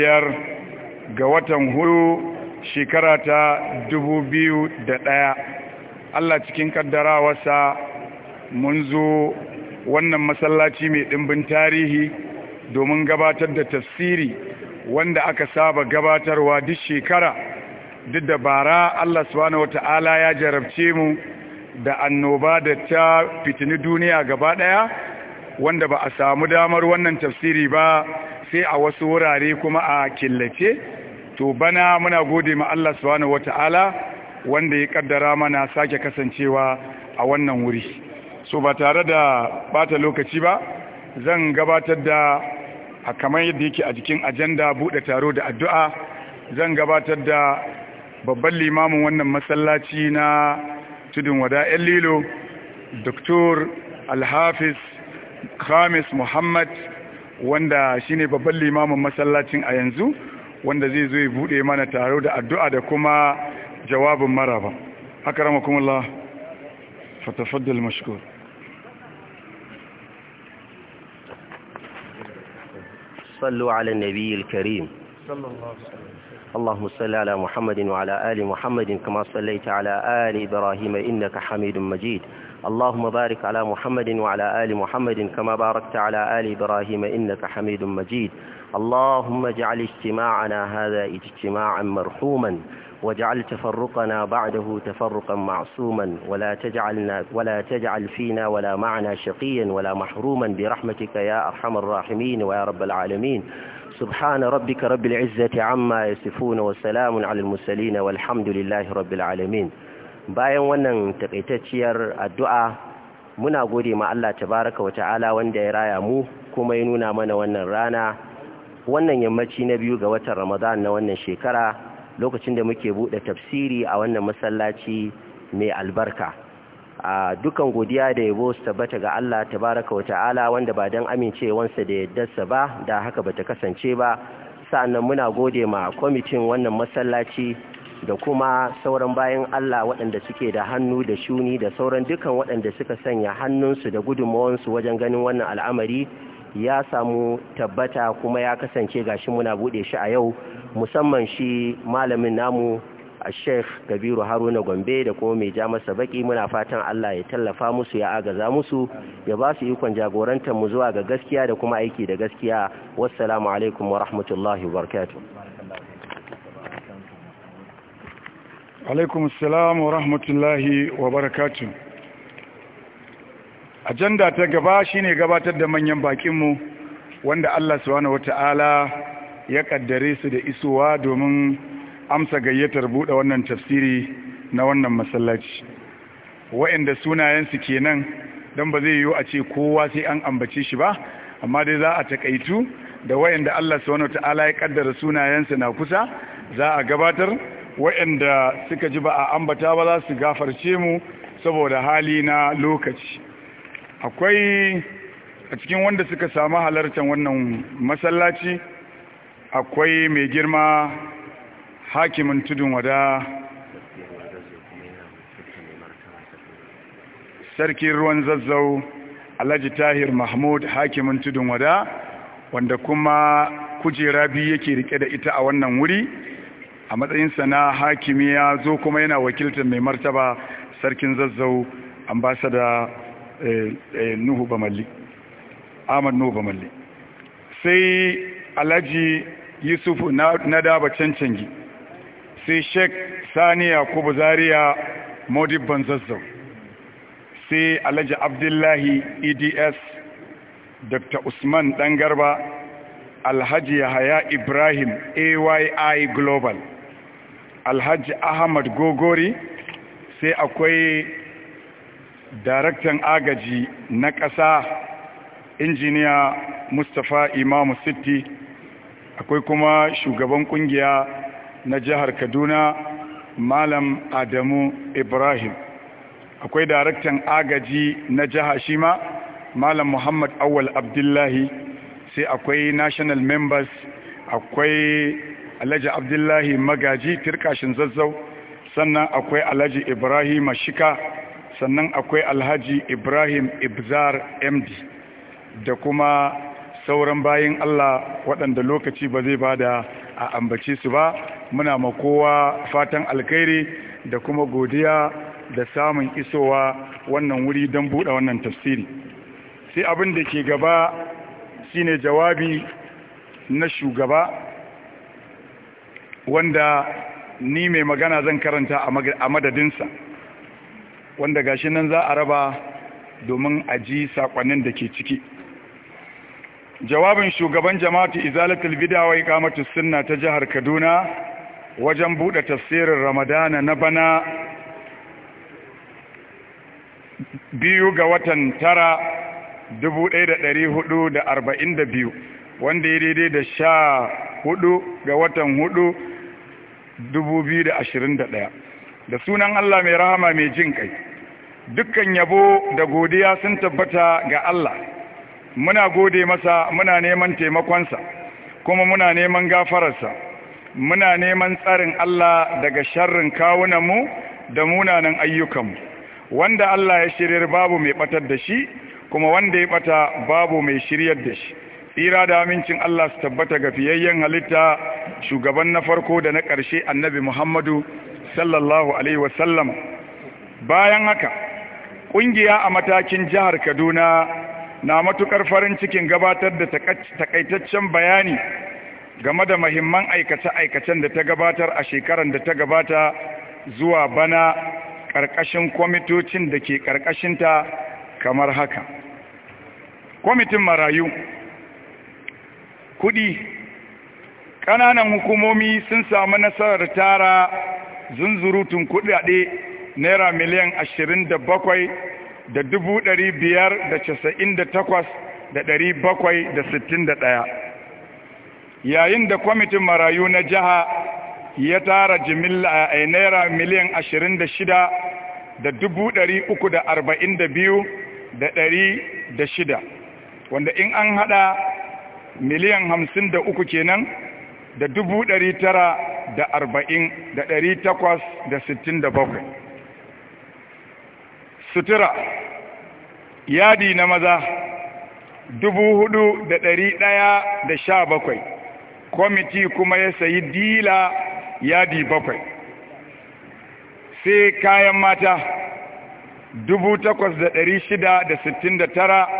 biyar ga watan hudu shekara ta dubu biyu da ɗaya Allah cikin kaddarawarsa mun zo wannan masallaci mai ɗimbin tarihi domin gabatar da tafsiri wanda aka saba gabatarwa duk shekara duk da bara Allah subhanahu wata'ala ya jarabce mu da annoba da ta fitini duniya gaba ɗaya wanda ba a samu damar wannan tafsiri ba sai a wasu wurare kuma a killace to bana muna gode ma Allah subhanahu wataala wanda ya kaddara mana sake kasancewa a wannan wuri so ba tare da bata lokaci ba zan gabatar da a kamar yadda yake a jikin ajanda bude taro da addu'a zan gabatar da babban limamin wannan masallaci na tudun wada yan lilo Dr. Alhafiz Khamis Muhammad wanda shine babban limamin masallacin a yanzu wanda zai zo ya bude mana taro da addu'a da kuma jawabin maraba akramakumullah fatafaddal mashkur sallu ala nabiyil karim صلى الله عليه وسلم اللهم صل على محمد وعلى آل محمد كما صليت على آل إبراهيم إنك حميد مجيد اللهم بارك على محمد وعلى آل محمد كما باركت على آل إبراهيم إنك حميد مجيد اللهم اجعل اجتماعنا هذا اجتماعا مرحوما واجعل تفرقنا بعده تفرقا معصوما ولا تجعلنا ولا تجعل فينا ولا معنا شقيا ولا محروما برحمتك يا أرحم الراحمين ويا رب العالمين سبحان ربك رب العزة عما يصفون وسلام على المرسلين والحمد لله رب العالمين bayan wannan takaitacciyar addu'a muna gode ma Allah tabaraka wa ta'ala wanda ya raya mu kuma ya nuna mana wannan rana wannan yammaci na biyu ga watan Ramadan na wannan shekara lokacin da muke buɗe tafsiri a wannan masallaci mai albarka a dukan godiya da yabo su tabbata ga Allah tabaraka wa ta'ala wanda ba dan amincewansa da yaddarsa ba da haka bata kasance ba sa'annan muna gode ma kwamitin wannan masallaci da kuma sauran bayan Allah waɗanda suke da hannu da shuni da sauran dukan waɗanda suka sanya hannunsu da gudunmawansu wajen ganin wannan al'amari ya samu tabbata kuma ya kasance gashi muna buɗe shi a yau musamman shi malamin namu a sheikh kabiru haruna gombe da kuma mai ja masa baki muna fatan allah ya tallafa musu ya agaza musu ya ba su ikon jagorantar mu zuwa ga gaskiya da kuma aiki da gaskiya wassalamu alaikum wa rahmatullahi wa barakatuh alaikum salam wa rahmatullahi wa barakatun ajanda ta gaba shine gabatar da manyan bakinmu wanda Allah subhanahu wata'ala ya kaddare su da isowa domin amsa gayyatar buɗe wannan tafsiri na wannan masallaci wa'anda sunayensu kenan dan ba zai yiwu a ce kowa sai an ambace shi ba amma dai za a takaitu da wa'anda Allah subhanahu wata'ala ya kaddara sunayensu na kusa za a gabatar waɗanda suka ji ba a ambata ba za su gafarce mu saboda hali na lokaci akwai a cikin wanda suka samu halartar wannan masallaci akwai mai girma hakimin tudun wada sarkin ruwan zazzau alhaji tahir mahmud hakimin tudun wada wanda kuma kujera biyu yake rike da ita a wannan wuri a matsayinsa na hakimi ya zo kuma yana wakiltar mai martaba sarkin zazzau ambasada eh, eh, nuhu bamalli ahmad nuhu bamalli sai alhaji yusufu na daba cancangi sai sheik sani yakubu zaria modibban zazzau sai alhaji abdullahi eds dr usman dan garba alhaji yahaya ibrahim AYI global alhaji ahmad gogori sai akwai daraktan agaji na ƙasa injiniya mustapha imamu sitti akwai kuma shugaban ƙungiya na jihar kaduna malam adamu ibrahim akwai daraktan agaji na jiha shima malam muhammad awal abdullahi sai akwai national members akwai alhaji abdullahi magaji firkashin zazzau sannan akwai alhaji ibrahim shika sannan akwai alhaji ibrahim ibzar md da kuma sauran bayan allah waɗanda lokaci ba zai bada a ambaci su ba muna ma kowa fatan alkhairi da kuma godiya da samun isowa wannan wuri don buɗe wannan tafsiri sai abin da ke gaba shine jawabi na shugaba wanda ni mai magana zan karanta a madadinsa wanda gashi nan za a raba domin a ji sakonnin da ke ciki jawabin shugaban jama'atu izalatul bid'a wa iqamatus sunna ta jihar Kaduna wajen bude tafsirin Ramadana na bana biyu ga watan tara biyu, wanda ya daidai da sha hudu ga watan hudu 2021 da sunan Allah mai rahama mai jin kai dukkan yabo da godiya sun tabbata ga Allah muna gode masa muna neman taimakonsa kuma muna neman gafararsa muna neman tsarin Allah daga sharrin kawunanmu da munanan ayyukanmu wanda Allah ya shiryar babu mai batar da shi kuma wanda ya bata babu mai shiryar da shi tsira da amincin Allah su tabbata ga fiyayyen halitta shugaban na farko da na ƙarshe annabi Muhammadu sallallahu alaihi wasallam bayan haka ƙungiya a matakin jihar Kaduna na matukar farin cikin gabatar da takaitaccen bayani game da mahimman aikace-aikacen da ta gabatar a shekarar da ta gabata zuwa bana ƙarƙashin kwamitocin da ke ƙarƙashinta kamar haka kwamitin marayu kudi ƙananan hukumomi sun samu nasarar tara zunzurutun kudade naira miliyan ashirin da bakwai da dubu ɗari biyar da casa'in da takwas da ɗari bakwai da sittin da ɗaya yayin da kwamitin marayu na jiha ya tara jimilla a eh, naira miliyan ashirin da shida da dubu ɗari uku da arba'in da biyu da ɗari da shida wanda in an haɗa miliyan hamsin da uku kenan da dubu ɗari tara da arba'in da ɗari takwas da sittin da bakwai sutura yadi na maza dubu hudu da ɗari ɗaya da sha bakwai kwamiti kuma ya sayi dila yadi bakwai sai kayan mata dubu takwas da ɗari shida da sittin da tara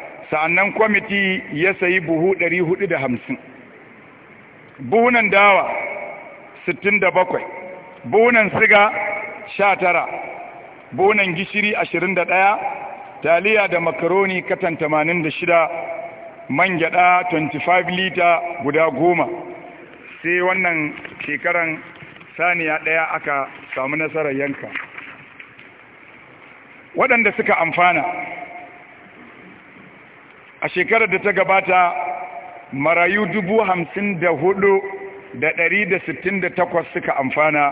sa'annan kwamiti ya sayi buhu 450 buhunan dawa 67 buhunan siga sha tara buhunan gishiri 21 taliya da makaroni katan 86 man gyada 25 lita guda goma sai wannan shekaran saniya ɗaya aka samu nasarar yanka waɗanda suka amfana a shekarar da ta gabata marayu dubu hamsin da hudu da ɗari da sittin da takwas suka amfana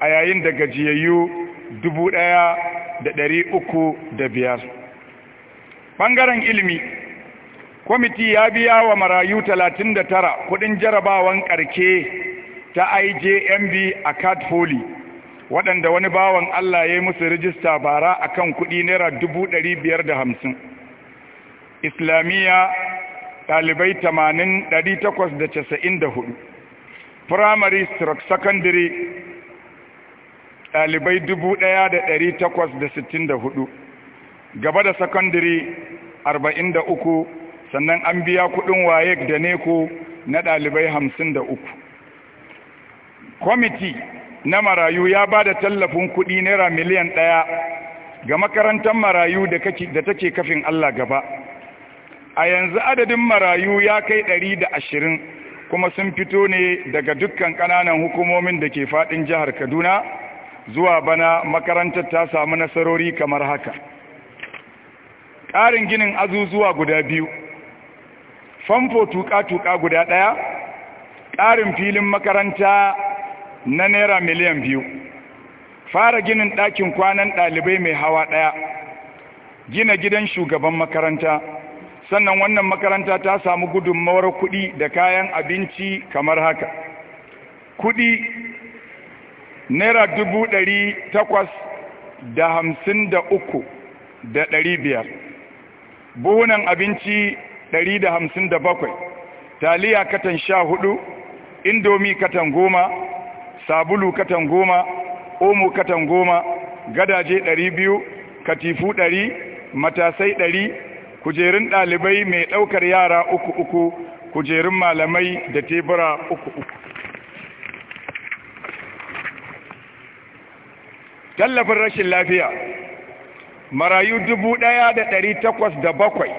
a yayin da gajiyayyu dubu ɗaya da ɗari uku da biyar ɓangaren ilimi kwamiti ya biya wa marayu talatin da tara kudin jarabawan ƙarke ta ijmb a foli waɗanda wani bawan allah ya yi musu rijista bara akan kudi naira dubu ɗari biyar da hamsin islamiyya ɗalibai hudu, primary stroke secondary ɗalibai 1864 gaba da secondary 43 sannan an biya kuɗin waye da neko na ɗalibai 53 kwamiti na marayu ya ba da tallafin kuɗi naira miliyan ɗaya ga makarantar marayu da take kafin Allah gaba a yanzu adadin marayu ya kai ɗari da ashirin kuma sun fito ne daga dukkan ƙananan hukumomin da ke faɗin jihar kaduna zuwa bana makarantar ta samu nasarori kamar haka ƙarin ginin azuzuwa guda biyu famfo tuƙa-tuƙa guda ɗaya ƙarin filin makaranta na naira miliyan biyu fara ginin ɗakin kwanan ɗalibai mai hawa ɗaya gina gidan shugaban makaranta sannan wannan makaranta ta samu gudunmawar kuɗi da kayan abinci kamar haka kuɗi naira dubu ɗari takwas da hamsin da uku da ɗari biyar buhunan abinci ɗari da hamsin da bakwai taliya katan sha hudu indomi katan goma sabulu katan goma omo katan goma gadaje ɗari biyu katifu ɗari matasai ɗari kujerun ɗalibai mai ɗaukar yara uku uku kujerun malamai da tebura uku uku tallafin rashin lafiya marayu dubu ɗaya da ɗari takwas da bakwai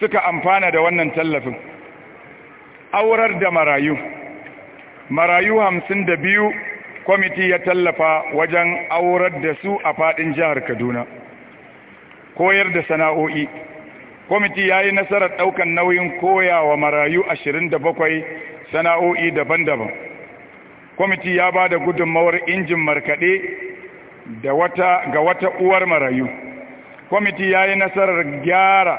suka amfana da wannan tallafin aurar da marayu marayu hamsin da biyu kwamiti ya tallafa wajen aurar da su a faɗin jihar kaduna koyar da sana'o'i kwamiti ya yi nasarar ɗaukan nauyin koya wa marayu 27 sana'o'i daban-daban kwamiti ya ba da gudunmawar injin markaɗe ga wata uwar marayu kwamiti ya yi nasarar gyara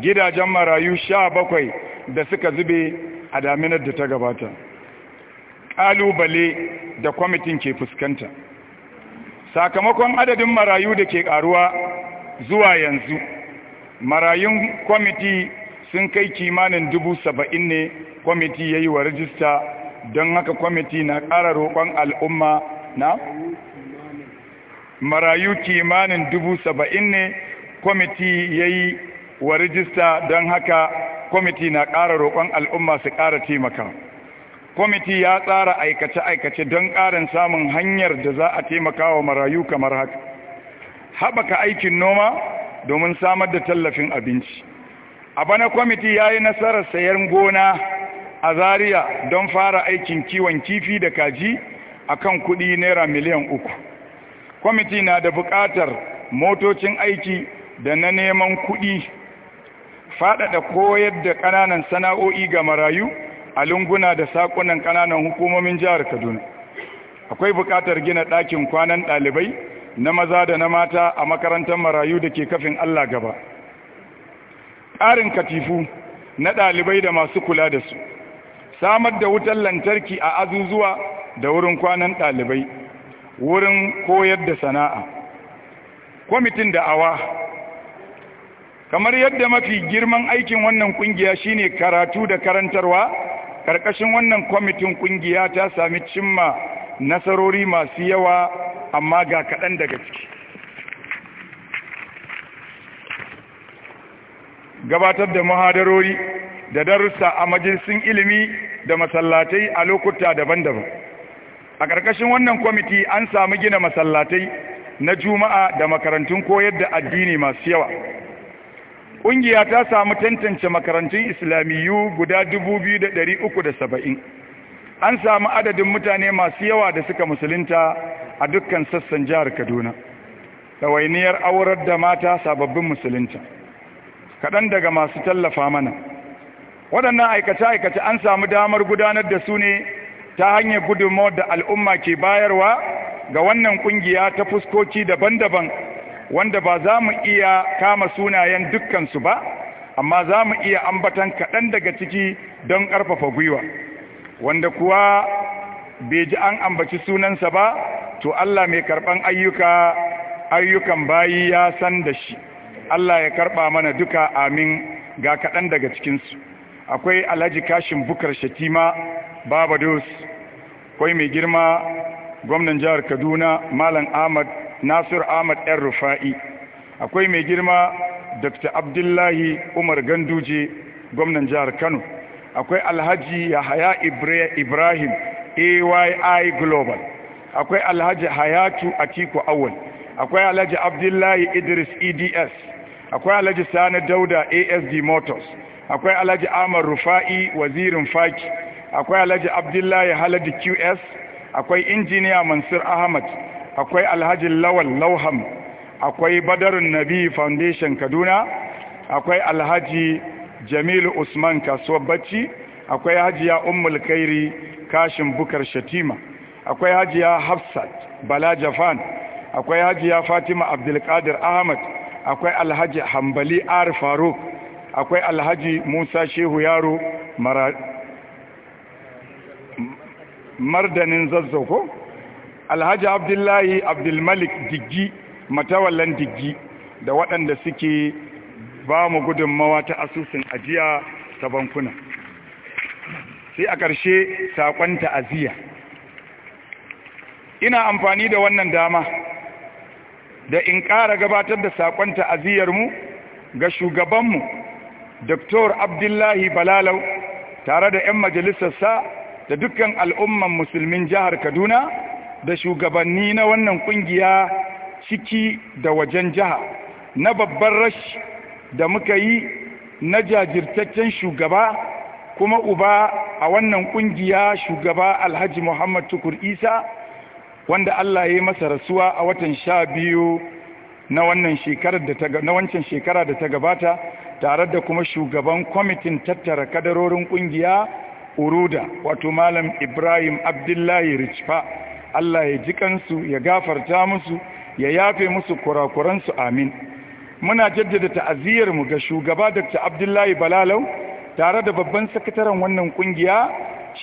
gidajen marayu sha bakwai da suka zube a daminar da ta gabata ƙalubale da kwamitin ke fuskanta sakamakon adadin marayu da ke ƙaruwa zuwa yanzu marayun kwamiti sun kai kimanin dubu saba'in ne kwamiti ya yi wa rajista don haka kwamiti na ƙara roƙon al'umma na marayu kimanin dubu saba'in ne kwamiti ya yi wa rajista don haka kwamiti na ƙara roƙon al'umma su ƙara taimaka kwamiti ya tsara aikace-aikace don ƙarin samun hanyar da za a taimaka wa marayu kamar haka haɓaka aikin noma domin samar da tallafin abinci a bana kwamiti ya yi nasarar sayan gona a zariya don fara aikin kiwon kifi da kaji a kan kuɗi naira miliyan uku kwamiti na da buƙatar motocin aiki da na neman kuɗi faɗaɗa koyar da ƙananan sana'o'i ga marayu a lunguna da saƙunan ƙananan hukumomin jihar kaduna akwai buƙatar gina ɗakin kwanan ɗalibai na maza da na mata a makarantar marayu da ke kafin Allah gaba ƙarin katifu na ɗalibai da masu kula da su samar da wutar lantarki a azuzuwa da wurin kwanan ɗalibai wurin koyar da sana'a kwamitin da awa kamar yadda mafi girman aikin wannan ƙungiya shine karatu da karantarwa ƙarƙashin wannan kwamitin ƙungiya ta sami cimma nasarori masu yawa amma ga kaɗan daga ciki gabatar da muhadarori da darussa a majalisun ilimi da masallatai a lokuta daban-daban a ƙarƙashin wannan kwamiti an samu gina masallatai na juma'a da makarantun koyar da addini masu yawa ƙungiya ta samu tantance makarantun islamiyu guda da saba'in. an samu adadin mutane masu yawa da suka musulunta a dukkan sassan jihar kaduna ɗawainiyar aurar da mata sababbin musulunta kaɗan daga masu tallafa mana waɗannan aikace-aikace an samu damar gudanar da su ne ta hanyar gudunmawar da al'umma ke bayarwa ga wannan ƙungiya ta fuskoki daban-daban wanda ba za mu iya kama sunayen dukkansu ba amma za mu iya ambatan kaɗan daga ciki don ƙarfafa gwiwa wanda kuwa bai ji an ambaci sunansa ba to Allah mai karban ayyuka ayyukan bayi ya san da shi Allah ya karɓa mana duka amin ga kaɗan daga cikinsu akwai alhaji kashin bukar shatima babados akwai mai girma gwamnan jihar kaduna malam ahmad nasir ahmad yan rufa'i akwai mai girma dr abdullahi umar ganduje gwamnan jihar kano akwai alhaji yahaya ibrahim AYI Global akwai Alhaji Hayatu Atiku Awal akwai Alhaji Abdullahi Idris EDS akwai Alhaji Sani Dauda ASD Motors akwai Alhaji Amar Rufa'i Wazirin Faki akwai Alhaji Abdullahi Halad QS akwai Injiniya Mansur Ahmad akwai Alhaji Lawal Lauham akwai Badarun Nabi Foundation Kaduna akwai Alhaji jamilu usman kasuwar bacci akwai hajiya ummul kairi kashin bukar shatima akwai hajiya hafsat bala jafan akwai hajiya fatima abdulkadir ahmad akwai alhaji hambali ar faruk akwai alhaji musa shehu yaro mardanin zazzauko alhaji abdullahi abdulmalik diggi matawallan diggi da waɗanda suke ba mu gudunmawa ta asusun ajiya ta bankuna sai a ƙarshe saƙon ta'aziyya ina amfani da wannan dama da in ƙara gabatar da saƙon ta'aziyyarmu ga shugabanmu Dr. Abdullahi Balalau tare da 'yan majalisarsa da dukkan al'umman musulmin jihar Kaduna da shugabanni na wannan ƙungiya ciki da wajen jiha na babban rashi da muka yi na jajirtaccen shugaba kuma uba a wannan kungiya shugaba alhaji muhammad tukur isa wanda allah ya yi masa rasuwa a watan sha biyu na wannan shekarar da ta wancan shekara da ta gabata tare da kuma shugaban kwamitin tattara kadarorin kungiya uruda wato malam ibrahim abdullahi richfa allah ya ji kansu ya gafarta musu ya yafe musu kurakuransu amin muna jaddada ta'aziyar mu ga shugaba Dr. Abdullahi Balalau tare da babban sakataren wannan kungiya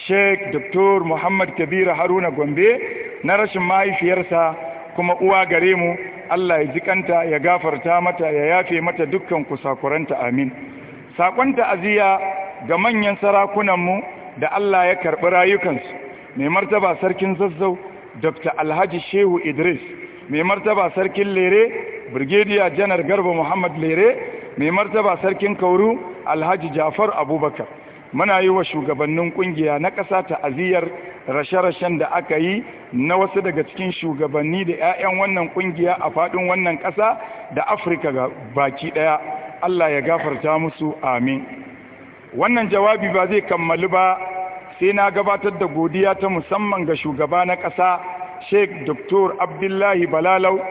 Sheikh Dr. Muhammad Kabir Haruna Gombe na rashin mahaifiyarsa kuma uwa gare mu Allah ya jikanta ya gafarta mata ya yafe mata dukkan kusakuranta amin sakon ta'aziyya ga manyan sarakunan mu da Allah ya karbi rayukansu mai martaba sarkin zazzau Dr. Alhaji Shehu Idris mai martaba sarkin Lere brigadier janar garba muhammad lere mai martaba sarkin kauru alhaji jafar abubakar muna yi wa shugabannin kungiya na ƙasa ta'aziyar rashe-rashen da aka yi na wasu daga cikin shugabanni da 'ya'yan wannan kungiya a faɗin wannan ƙasa da afirka ga baki ɗaya allah ya gafarta musu amin wannan jawabi ba zai kammalu ba sai na gabatar da godiya ta musamman ga shugaba na ƙasa sheik dr abdullahi balalau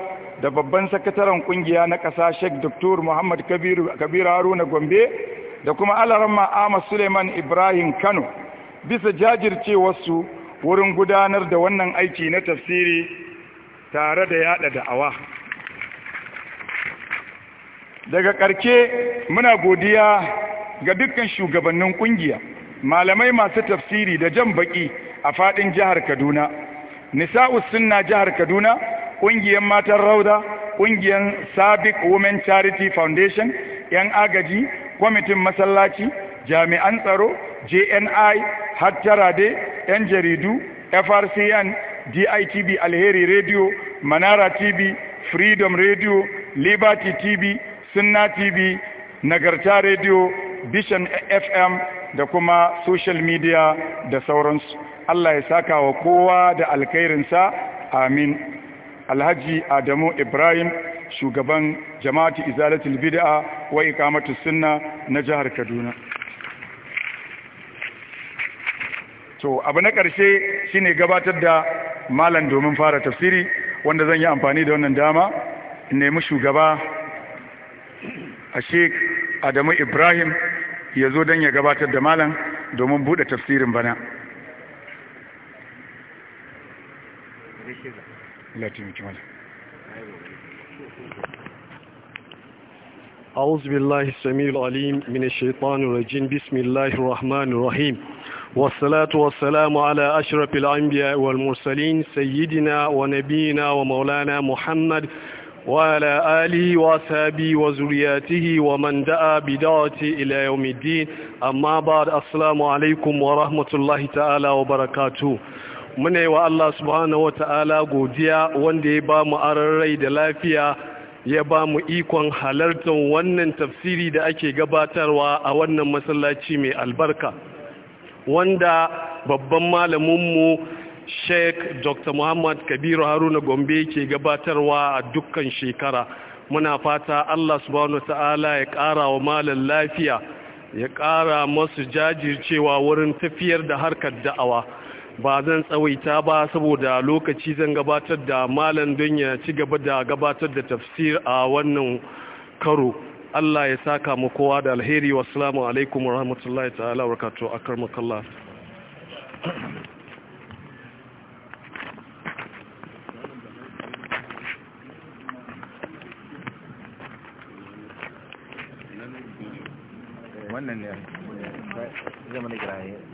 da babban sakataren kungiya na ƙasa Sheikh Dr. Muhammad Kabiru Haruna Gombe da kuma Alarama Ahmad Suleiman Ibrahim Kano bisa jajircewarsu wurin gudanar da wannan aiki na tafsiri tare da yada da'awa. Daga ƙarke muna godiya ga dukkan shugabannin kungiya, malamai masu tafsiri da jan baki a faɗin jihar Kaduna, Nisa'us Sunna jihar Kaduna ƙungiyar matan rauda ƙungiyar sabic women charity foundation yan agaji kwamitin masallaci jami'an tsaro jni hattarade yan jaridu frcn ditv alheri radio manara tv freedom radio liberty tv sunna tv nagarta radio bishan fm da kuma social media da sauransu Allah ya saka wa kowa da alkhairinsa amin alhaji adamu ibrahim shugaban jama'ati izalatul bid'a wa iqamatus sunna na jihar kaduna to abu na karshe shine gabatar da malam domin fara tafsiri wanda zan yi amfani da wannan dama in nemi shugaba a adamu ibrahim ya zo don ya gabatar da malam domin buɗe tafsirin bana التي أعوذ بالله السميع العليم من الشيطان الرجيم بسم الله الرحمن الرحيم والصلاة والسلام على أشرف الأنبياء والمرسلين سيدنا ونبينا ومولانا محمد وعلى آله وصحبه وزرياته ومن دعا بدعوته إلى يوم الدين أما بعد السلام عليكم ورحمة الله تعالى وبركاته muna yi wa Allah subhanahu ta'ala godiya wanda ya ba mu rai da lafiya ya ba mu ikon halartar wannan tafsiri da ake gabatarwa a wannan masallaci mai albarka wanda babban malaminmu sheik dr muhammad kabiru haruna gombe ke gabatarwa a dukkan shekara muna fata Allah subhanahu ta'ala ya ƙara wa malam lafiya ya ƙara masu jajircewa wurin tafiyar da harkar da'awa ba zan tsawaita ba saboda lokaci zan gabatar da malam don ya ci gaba da gabatar da tafsir a wannan karo Allah ya saka mu kowa da alheri wa salamu alaikum wa ta'ala wabarakatuh akramakallah wannan ne zama ne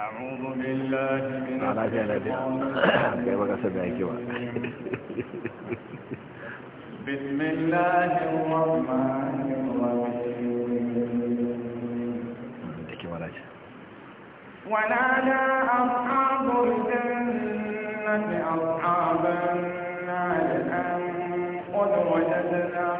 أعوذ بالله من بسم الله الرحمن الرحيم ونادى أصحاب الجنة أصحاب النار أن قد وجدنا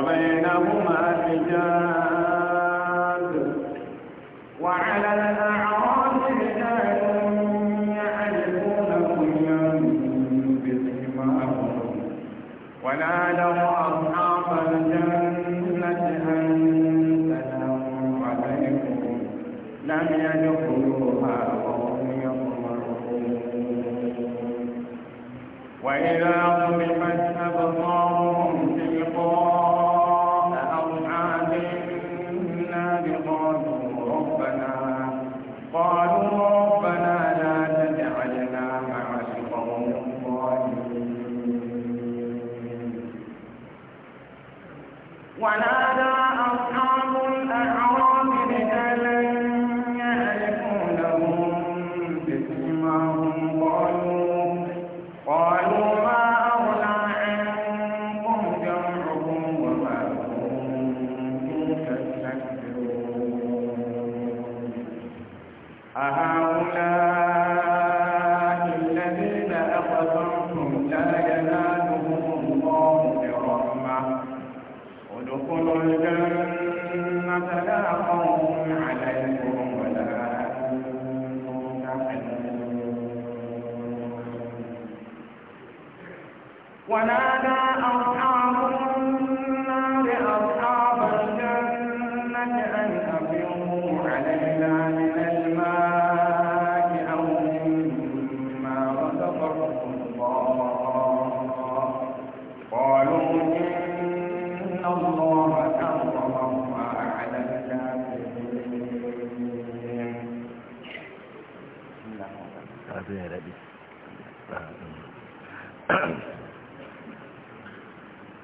وبينهما حجاب وعلى الأعراض رجال يعرفون كلا بسيماهم ونادوا أصحاب الجنة أن سلام عليكم لم يدخلوها وهم يطمعون وإذا طلبت أبصارهم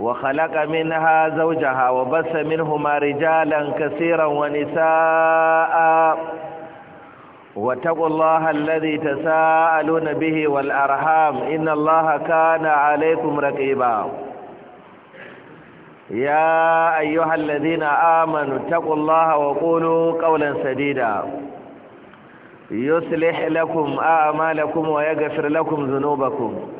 wa khalaqa minha zawjaha wa bassa minhumā rijālan kaseeran wa nisā'a wa taqullāha alladhī tasā'alūna bihi wal arham innallāha Kana, 'alaykum raqībā ya ayyuhalladhīna āmanū taqullāha wa qūlū qawlan sadīdā yuslih lakum a'mālakum wa yaghfir lakum dhunūbakum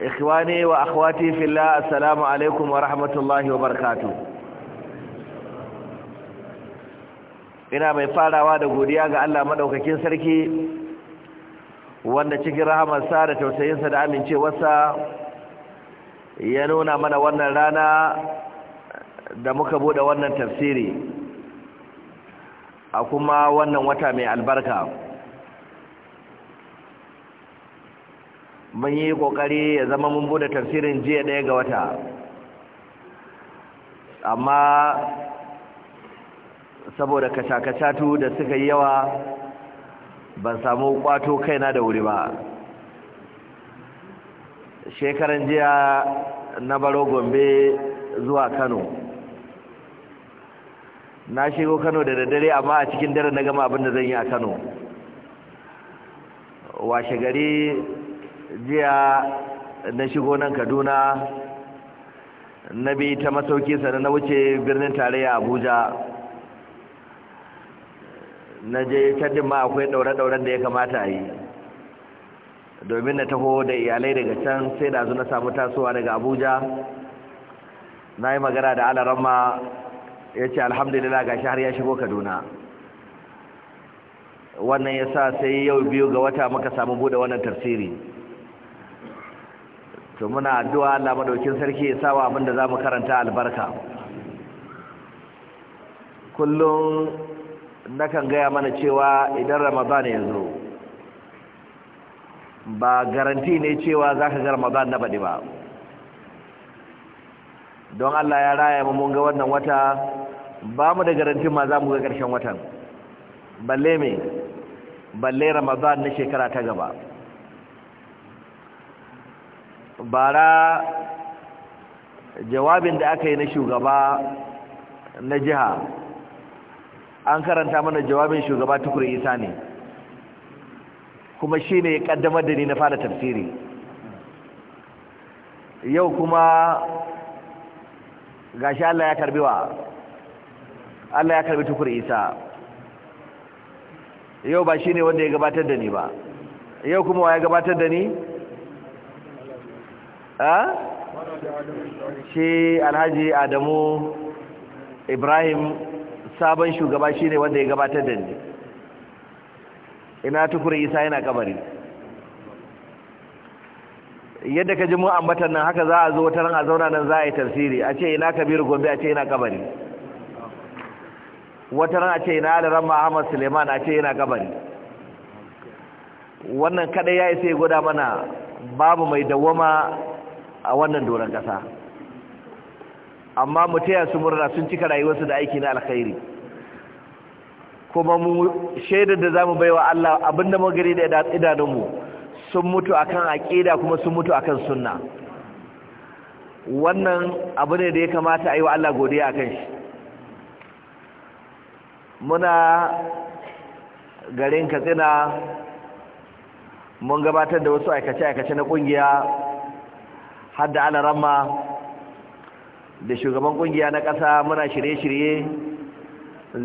ikhwani wa akhwati fillah assalamu alaikum wa rahmatullahi wa barakatuh ina mai farawa da godiya ga Allah madaukakin sarki wanda cikin sa da tausayin sa da amincewarsa ya nuna mana wannan rana da muka bude wannan tafsiri a kuma wannan wata mai albarka mun yi kokari ya zama mun bude tafsirin jiya ɗaya ga wata amma saboda kashakashatu da suka yi yawa ban samu kwato kaina da wuri ba shekaran jiya na baro gombe zuwa kano na shigo kano da daddare amma a cikin dare na gama abin da zan yi a kano washe gari jiya na shigo nan kaduna na bi ta masauki sana na wuce birnin tarayya abuja na je caddin ma akwai ɗaure-ɗauren da ya kamata a yi domin na taho da iyalai daga can sai da na samu tasowa daga abuja na yi magana da alarama ya ce alhamdulillah ga shahar ya shigo kaduna wannan ya sa sai yau biyu ga wata muka samu buɗe wannan tafsiri to muna addu'a Allah madaukin sarki ya wa abin da zamu karanta albarka kullum nakan gaya mana cewa idan ramadan ya zo ba garanti ne cewa ka ga ramadan na baɗi ba don Allah ya raya mu mun ga wannan wata ba mu da garanti ma za mu ga ƙarshen watan balle me balle ramadan na shekara ta gaba bara jawabin da aka yi na shugaba na jiha an karanta mana jawabin shugaba tukuri isa ne kuma shi ne ya kaddamar da ni na fara tafsiri yau kuma gashi Allah ya karbi wa Allah ya karbi tukuri isa yau ba shi ne wanda ya gabatar da ni ba yau kuma wa ya gabatar da ni shi alhaji adamu ibrahim sabon shugaba shi ne wanda ya gabatar da ni ina tukuri isa yana kabari yadda ka ji mu ambatan nan haka za a zo wata ran a zauna nan za a yi tafsiri a ce ina kabiru gombe a ce ina kabari wata ran a ce ina alaran ahmad suleiman a ce ina kabari wannan kadai ya isa ya gwada mana babu mai dawoma. a wannan doron ƙasa amma mu taya su murna sun cika rayuwarsu da aiki na alkhairi kuma mu shaidar da za mu baiwa Allah abinda mu gari da idanunmu sun mutu akan aƙida kuma sun mutu akan sunna wannan abu ne da ya kamata a yi wa Allah godiya kan shi muna garin Katsina mun gabatar da wasu aikace-aikace na kungiya Hadda da alarama da shugaban kungiya na ƙasa muna shirye-shirye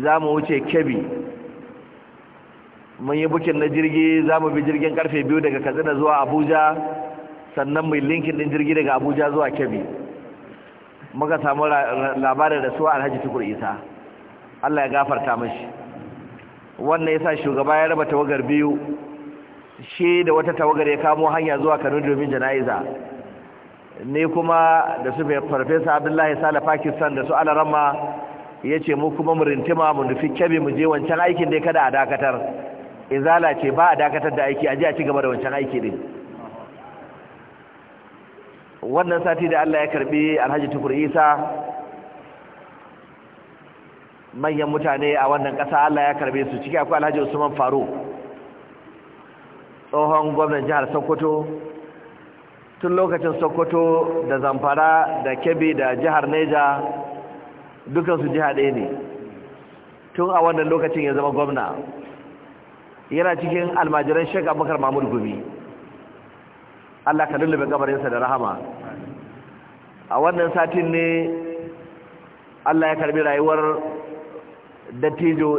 za mu wuce kebi mun yi bukin na jirgi za mu bi jirgin karfe biyu daga katsina zuwa abuja sannan mai linkin ɗin jirgi daga abuja zuwa kebi muka samu labarin da suwa alhaji tukur isa allah ya gafarta mashi wannan yasa shugaba ya raba tawagar biyu shi da wata tawagar ya kamo hanya zuwa kano domin jana'iza ni kuma da su farfesa abdullahi sale pakistan da su alarama ya ce mu kuma mu rintima mu nufi kyabi mu je wancan aikin dai kada a dakatar izala ce ba a dakatar da aiki a ji a ci gaba da wancan aiki din wannan sati da allah ya karbi alhaji tukur isa manyan mutane a wannan ƙasa allah ya karbe su ciki akwai alhaji usman Faru. tsohon gwamnan jihar sokoto tun lokacin sokoto da zamfara da kebbi da jihar neja dukansu jiha ɗaya ne tun a wannan lokacin ya zama gwamna yana cikin almajiran shek abubakar mahmud gumi allah ka lullube gabarinsa da rahama a wannan satin ne allah ya karbi rayuwar dattijo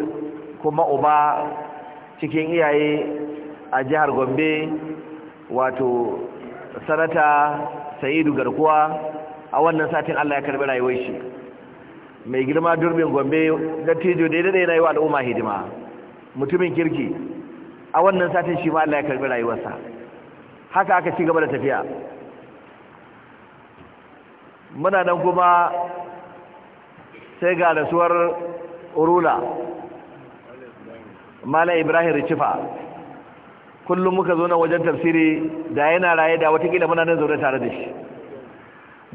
kuma uba cikin iyaye a jihar gombe wato sanata sa'idu garkuwa a wannan satin Allah ya karbi rayuwar shi mai girma durbin gombe dattijo da yi rayuwa al'umma hidima mutumin kirki a wannan satin shi ma Allah ya karbi rayuwarsa haka aka ci gaba da tafiya muna nan kuma sai ga rasuwar urula malam ibrahim ricifa kullum muka zo na wajen tafsiri da yana raye da watakila muna nan zaune tare da shi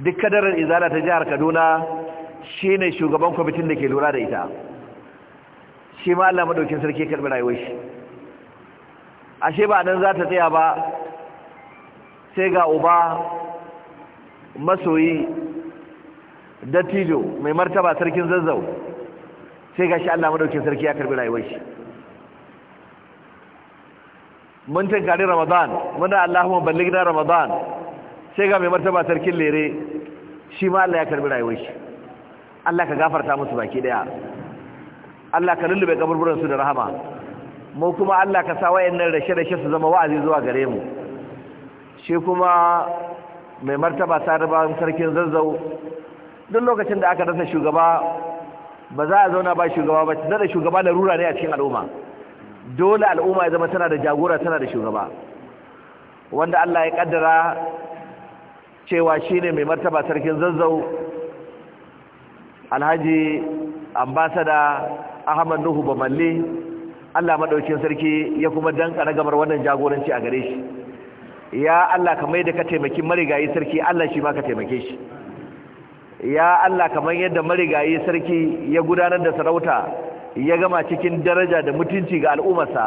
duk kadarar izala ta jihar kaduna shi ne shugaban kwamitin da ke lura da ita shi ma allah maɗaukin sarki karɓi rayuwar shi ashe ba nan za ta tsaya ba sai ga uba masoyi dattijo mai martaba sarkin zazzau sai ga shi allah maɗaukin sarki ya karbi rayuwar shi mun tankari ramadan muna allahumma balligna ramadan sai ga mai martaba sarkin lere shi ma Allah ya karbi rayuwar shi Allah ka gafarta musu baki daya Allah ka lullube kaburburan su da rahama mu kuma Allah ka sa wayannan rashe-rashe su zama wa'azi zuwa gare mu shi kuma mai martaba sarban sarkin zazzau duk lokacin da aka rasa shugaba ba za a zauna ba shugaba ba da shugaba larura ne a cikin al'umma dole al'umma ya zama tana da jagora tana da shugaba wanda Allah ya kaddara cewa shine mai martaba sarkin zazzau alhaji ambasada ahmad nuhu bamalle Allah madaukin sarki ya kuma danka ragamar wannan jagoranci a gare shi ya Allah mai da ka taimaki marigayi sarki Allah shi ma ka taimake shi ya Allah kamar yadda marigayi sarki ya gudanar da sarauta ya gama cikin daraja da mutunci ga al'ummarsa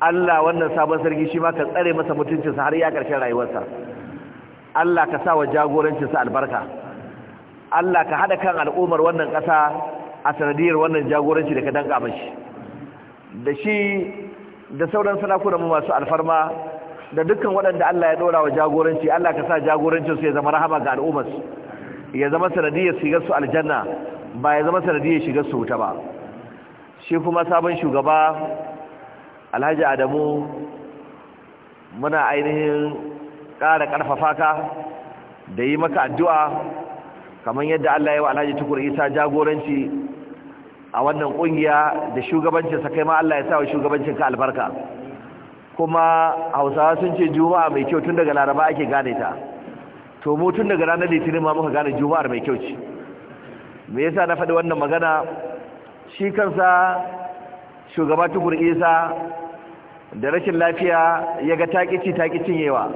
Allah wannan sabon sarki shi ma ka tsare masa mutuncinsa har ya karshen rayuwarsa Allah ka sa wa jagorancinsa albarka Allah ka haɗa kan al'ummar wannan ƙasa a sanadiyar wannan jagoranci da ka danka mashi da shi da sauran sarakunan masu alfarma da dukkan waɗanda Allah ya ɗora wa jagoranci Allah ka sa jagorancinsu ya zama rahama ga al'ummarsu ya zama sanadiyar shigar su aljanna ba ya zama sanadiyar shigar su wuta ba shi kuma sabon shugaba alhaji adamu muna ainihin ƙara ƙarfafa ka da yi maka addu'a kamar yadda Allah ya wa alhaji tukur isa jagoranci a wannan ƙungiya da shugabancinsa kai ma Allah ya sa wa shugabancin ka albarka kuma hausawa sun ce juma'a mai kyau tun daga laraba ake gane ta to mu tun daga ranar litinin ma muka gane juma'ar mai kyau ce me yasa na faɗi wannan magana shi kansa shugaba tukur isa da rashin lafiya ya ga takici takicin yawa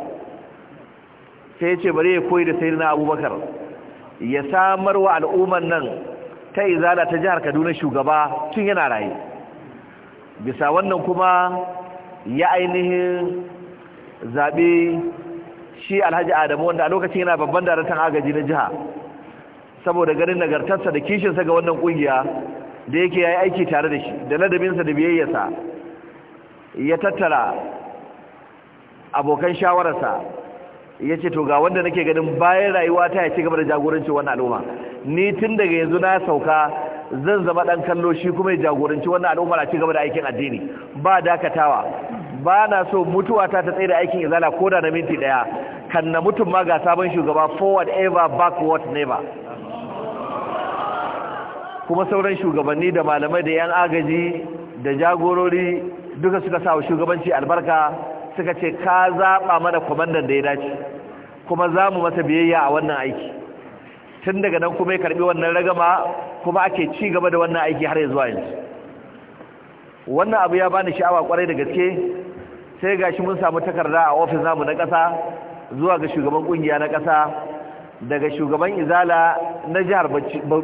sai ya ce bari ya koyi da sai na abubakar ya samar wa al'ummar nan ta izala ta jihar kaduna shugaba tun yana raye bisa wannan kuma ya ainihin zaɓe shi alhaji adamu wanda a lokacin yana babban daraktan agaji na jiha saboda ganin nagartarsa da kishinsa ga wannan ƙungiya da yake yi aiki tare da shi da ladabinsa da biyayyarsa ya tattara abokan shawararsa ya ce to ga wanda nake ganin bayan rayuwa ta ya ci gaba da jagoranci wannan al'umma ni tun daga yanzu na sauka zan zama dan kallo shi kuma ya jagoranci wannan al'umma a ci gaba da aikin addini ba dakatawa ba na so mutuwa ta ta aikin izala ko da na minti daya kan na mutum ma ga sabon shugaba forward ever backward never kuma sauran shugabanni da malamai da 'yan agaji da jagorori duka suka sa wa shugabanci albarka suka ce ka zaɓa mana kwamandan da ya dace kuma za mu masa biyayya a wannan aiki tun daga nan kuma ya karɓi wannan ragama kuma ake ci gaba da wannan aiki har ya zuwa yanzu wannan abu ya bani sha'awa kwarai da gaske sai gashi mun samu takarda a ofis namu na ƙasa zuwa ga shugaban ƙungiya na ƙasa daga shugaban izala na jihar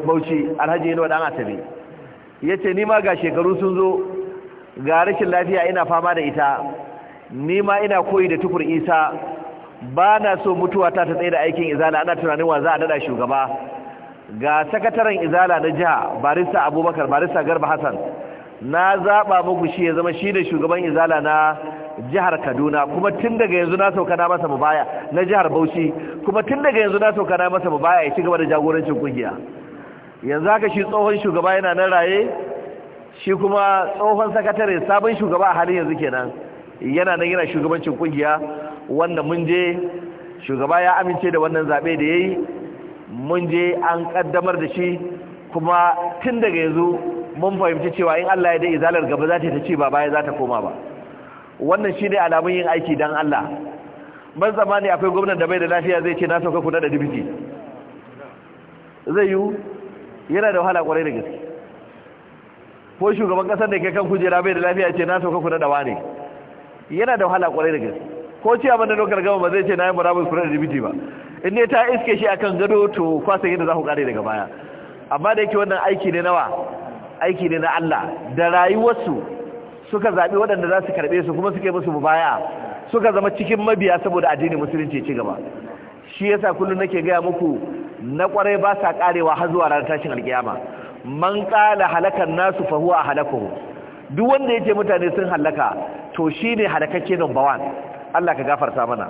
bauchi alhaji waɗanda dan asabe ya ce nima ga shekaru sun zo ga rashin lafiya ina fama da ita nima ina koyi da tukur isa ba na so mutuwa ta tsaye da aikin izala ana tunanin wa za a dada shugaba ga sakataren izala na jiha barista abubakar barista garba hassan na zaɓa muku shi ya zama shi da shugaban izala na jihar kaduna kuma tun daga yanzu na sauka na masa mubaya na jihar bauchi kuma tun daga yanzu na sauka na masa mubaya ya ci gaba da jagorancin kungiya yanzu haka shi tsohon shugaba yana nan raye shi kuma tsohon sakatare sabon shugaba a halin yanzu kenan yana nan yana shugabancin kungiya wanda mun je shugaba ya amince da wannan zaɓe da ya yi mun je an kaddamar da shi kuma tun daga yanzu mun fahimci cewa in Allah ya da izalar gaba za ta ci ba baya za ta koma ba wannan shi ne alamun yin aiki don Allah ban zamani akwai gwamnan da bai da lafiya zai ce na sauka kuna da dibiti zai yiwu yana da wahala kwarai da gaske ko shugaban kasar da ke kan kujera bai da lafiya ce na sauka kuna da wane yana da wahala kwarai da gaske ko ce a mana dokar gama ba zai ce na yi murabus kuna da dibiti ba in ne ta iske shi akan gado to kwasan yadda za ku kare daga baya amma da yake wannan aiki ne nawa aiki ne na Allah da rayuwarsu suka zaɓi waɗanda za su karɓe su kuma suka yi musu mubaya suka zama cikin mabiya saboda addini musulunci ci gaba shi yasa kullum nake gaya muku na kwarai ba sa karewa har zuwa ranar tashin alkiyama man qala halakan nasu fa huwa halakuhu duk wanda yake mutane sun halaka to shine halakakke number 1 Allah ka gafarta mana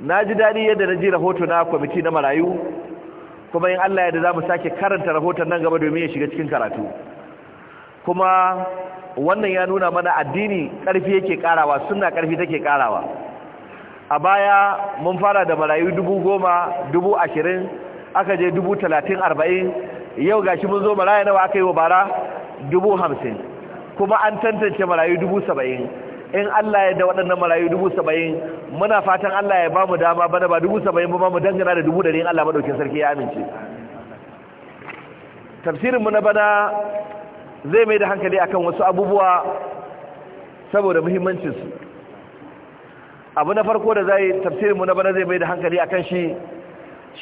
na ji dadi yadda na ji rahoto na kwamiti na marayu kuma in Allah ya da zamu sake karanta rahoton nan gaba domin ya shiga cikin karatu kuma wannan ya nuna mana addini ƙarfi yake ƙarawa suna ƙarfi take ƙarawa a baya mun fara da marayu dubu goma dubu ashirin aka je dubu talatin arba'in yau gashi mun zo maraya nawa aka yi wa bara dubu hamsin kuma an tantance marayu dubu saba'in in Allah ya da waɗannan marayu dubu saba'in muna fatan Allah ya ba mu dama bana ba dubu saba'in ba mu dangana da dubu ɗari in Allah maɗaukin sarki ya amince tafsirinmu na bana zai mai da hankali akan wasu abubuwa saboda muhimmancinsu abu na farko da zai tafsirinmu na bana zai mai da hankali akan shi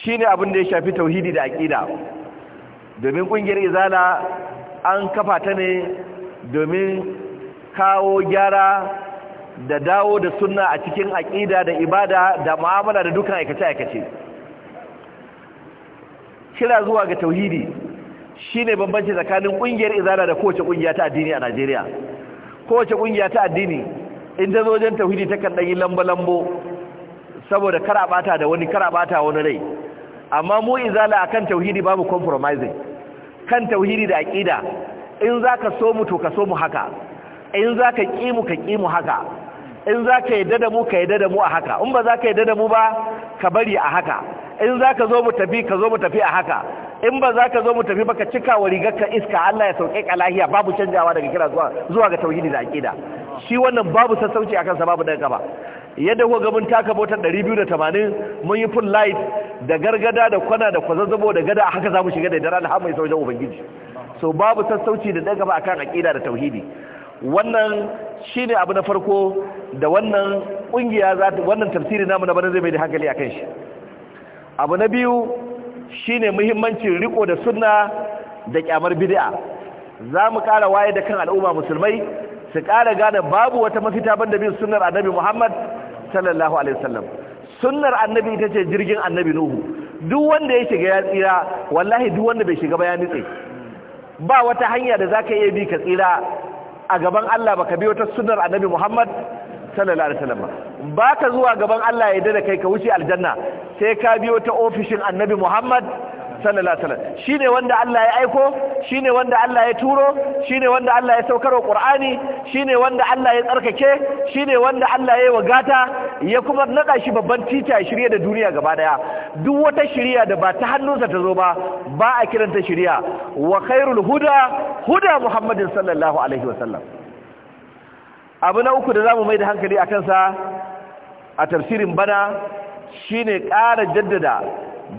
shi ne abin da ya shafi tauhidi da aƙida domin ƙungiyar izala an kafa ta ne domin kawo gyara da dawo da sunna a cikin aƙida da ibada da mu'amala da dukan aikace-aikace kira zuwa ga tauhidi Shi ne bambanci tsakanin ƙungiyar izana da kowace ƙungiya ta addini a Najeriya kowace ƙungiya ta addini in ta zo wajen tauhidi ta kan dan yi lambo lambo saboda kara bata da wani kara bata wani rai amma mu izala akan tauhidi babu compromising kan tauhidi da aƙida in za ka so mu to ka so mu haka in za ka ƙi mu ka ƙi mu haka in za ka yadda da mu ka yadda da mu a haka in ba za ka yadda da mu ba ka bari a haka in za ka zo mu tafi ka zo mu tafi a haka in ba za ka zo mu tafi baka cika wa rigarka iska Allah ya sauke ka lahiya babu canjawa daga kira zuwa zuwa ga tauhidi da aqida shi wannan babu sassauci akan sa babu daga ba yadda kuka ga mun taka motar 280 mun yi full light da gargada da kwana da kwazazzabo da gada haka za mu shiga da daren har mai saujan ubangiji so babu sassauci da daga gaba akan aqida da tauhidi wannan shine abu na farko da wannan kungiya za ta wannan tafsiri namu na bana zai mai da hankali akan shi abu na biyu Shi ne muhimmancin riko da sunna da kyamar bid'a za mu ƙara waye da kan al'umma musulmai su kara gane babu wata mafita banda bin sunnar annabi Muhammad sallallahu alaihi wasallam sunnar annabi ita ce jirgin annabi Nuhu duk wanda ya shiga ya tsira wallahi duk wanda bai shiga ba ya nitse ba wata hanya da zaka iya bi ka tsira a gaban Allah ba ka bi wata sunnar annabi Muhammad sallallahu alaihi wasallam ba ka zuwa gaban Allah ya dada kai ka wuce aljanna sai ka biyo ta ofishin annabi Muhammad sallallahu alaihi wasallam shine wanda Allah ya aiko shine wanda Allah ya turo shine wanda Allah ya saukarwa Qur'ani shine wanda Allah ya tsarkake shine wanda Allah ya yi wagata ya kuma naka shi babban tita shirye da duniya gaba daya duk wata shirya da ba ta hannunsa ta zo ba ba a kiranta shirya wa khairul huda huda Muhammadin sallallahu alaihi wasallam abu na uku da za mu mai da hankali a kansa a tafsirin bana shi ne ƙara jaddada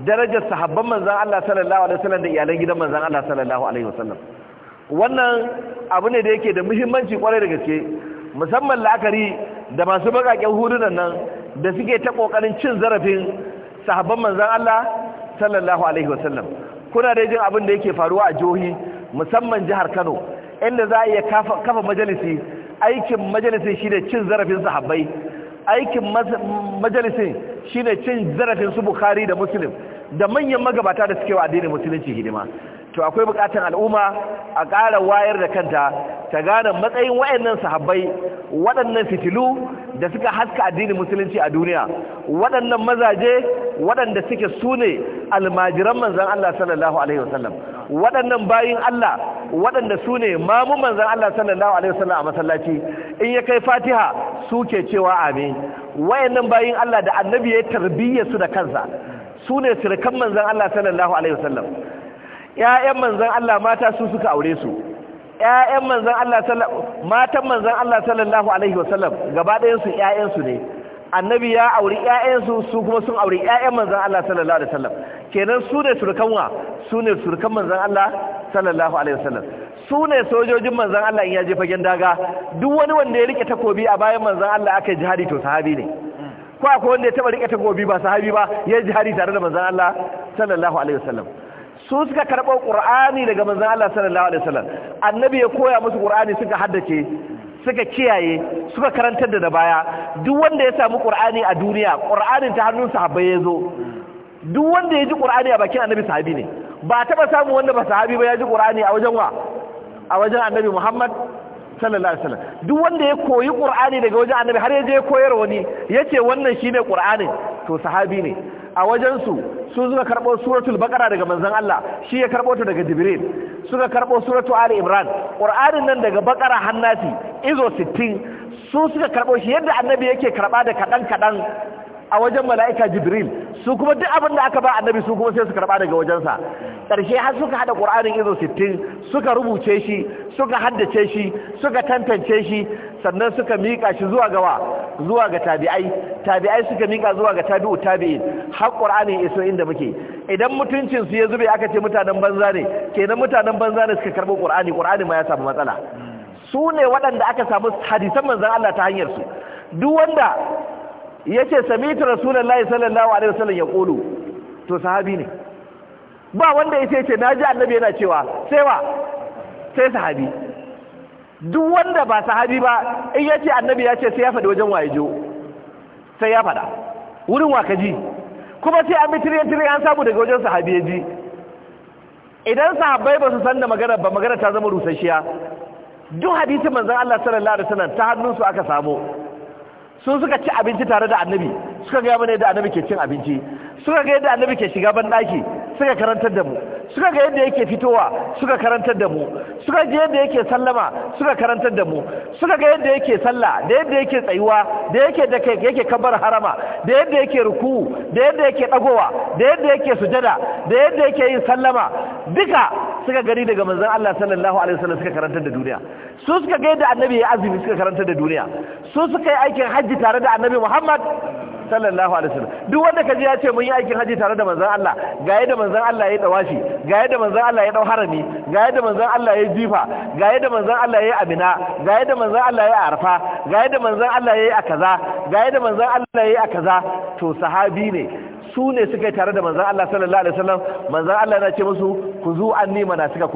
darajar sahabban manzan Allah sallallahu Alaihi wasallam da iyalan gidan manzan Allah sallallahu Alaihi wasallam wannan abu ne da yake da muhimmanci kwarai da gaske musamman la'akari da masu baƙaƙen hudunan nan da suke ta ƙoƙarin cin zarafin sahabban manzan Allah sallallahu Alaihi wasallam kuna da jin abin da yake faruwa a jihohi musamman jihar Kano inda za a iya kafa majalisi aikin majalisin shine cin zarafin sahabbai aikin majalisin shine cin zarafin su bukhari da muslim da manyan magabata da suke wa addinin musulunci hidima to akwai bukatan al'umma a ƙara wayar da kanta ta gane matsayin waɗannan sahabbai waɗannan fitilu da suka haska addinin musulunci a duniya waɗannan mazaje waɗanda suke sune almajiran manzon Allah sallallahu alaihi wasallam waɗannan bayin Allah waɗanda sune mamu manzon Allah sallallahu alaihi wasallam a masallaci in ya kai Fatiha suke cewa amin wayannan bayin Allah da annabi ya tarbiyyar su da kansa sune sirkan manzon Allah sallallahu alaihi wasallam ƴaƴan manzan Allah mata su suka aure su ‘ya’yan manzan Allah matan manzan Allah sallallahu alaihi wasallam gaba ɗayensu ‘ya’yansu ne annabi ya auri ‘ya’yansu su kuma sun auri ƴaƴan manzan Allah sallallahu alaihi wasallam kenan su ne surkan wa su ne surkan manzan Allah sallallahu alaihi wasallam su ne sojojin manzan Allah in ya je fagen daga duk wani wanda ya rike takobi a bayan manzan Allah aka yi jihadi to sahabi ne ko akwai wanda ya taba rike takobi ba sahabi ba ya yi jihadi tare da manzan Allah sallallahu alaihi wasallam su suka karɓo ƙur'ani daga manzan Allah sallallahu alaihi wasallam annabi ya koya musu ƙur'ani suka haddace suka kiyaye suka karantar da baya duk wanda ya samu ƙur'ani a duniya ƙur'anin ta hannun sahabbai ya zo duk wanda ya ji ƙur'ani a bakin annabi sahabi ne ba taɓa samu wanda ba sahabi ba ya ji ƙur'ani a wajen wa a wajen annabi Muhammad duk wanda ya koyi qur'ani daga wajen annabi har ya je koyar wani yace wannan shine qur'anin to sahabi ne a wajen su su suka karbo suratul baqara daga manzon Allah shi ya karbo ta daga jibril suka karbo suratul ali imran qur'anin nan daga baqara hannati izo 60 su suka karbo shi yadda annabi yake karba da kadan kadan a wajen mala'ika jibril su kuma duk abin da aka ba annabi su kuma sai su karba daga wajensa ƙarshe har suka hada ƙur'anin izo Sittin, suka rubuce shi suka haddace shi suka tantance shi sannan suka miƙa shi zuwa gawa zuwa ga tabi'ai tabi'ai suka miƙa zuwa ga tabi'u tabi'in har ƙur'anin iso inda muke idan mutuncin su ya zube aka ce mutanen banza ne kenan mutanen banza ne suka karɓo ƙur'ani ƙur'ani ma ya samu matsala su ne waɗanda aka samu hadisan manzon Allah ta hanyar su duk wanda yace sami'tu rasulullahi sallallahu alaihi wasallam kulu to sahabi ne ba wanda yace ce naji annabi yana cewa sai wa sai sahabi duk wanda ba sahabi ba in yace annabi ya ce sai ya faɗi wajen waye jo sai ya faɗa wurin wa kaji kuma sai an bi tire an samu daga wajen sahabi ya ji idan sahabbai ba su san da magana ba magana ta zama rusasshiya duk hadisin manzon Allah sallallahu alaihi wasallam ta hannunsu aka samu Sun suka ci abinci tare da annabi suka gaya mana yadda annabi ke cin abinci suka gaya yadda annabi ke shiga ban daki suka karantar da mu suka ga yadda yake fitowa suka karantar da mu suka ga yadda yake sallama suka karantar da mu suka ga yadda yake sallah da yadda yake tsayuwa da yake da yake kabar harama da yadda yake ruku da yadda yake dagowa da yadda yake sujada da yadda yake yin sallama duka suka gani daga manzon Allah sallallahu alaihi wasallam suka karantar da duniya su suka ga yadda annabi ya azumi suka karantar da duniya su suka yi aikin hajji tare da annabi Muhammad sallallahu alaihi wasallam duk wanda kaji ya ce mun yi aikin haji tare da manzon Allah ga yadda manzon Allah ya dawashi ga yadda manzon Allah ya dau harami ga yadda manzon Allah ya jifa ga yadda manzon Allah ya amina ga yadda manzon Allah ya arfa ga yadda manzon Allah ya a kaza ga yadda manzon Allah ya a kaza to sahabi ne su ne suka yi tare da manzon Allah sallallahu alaihi wasallam manzon Allah yana ce musu ku zu na suka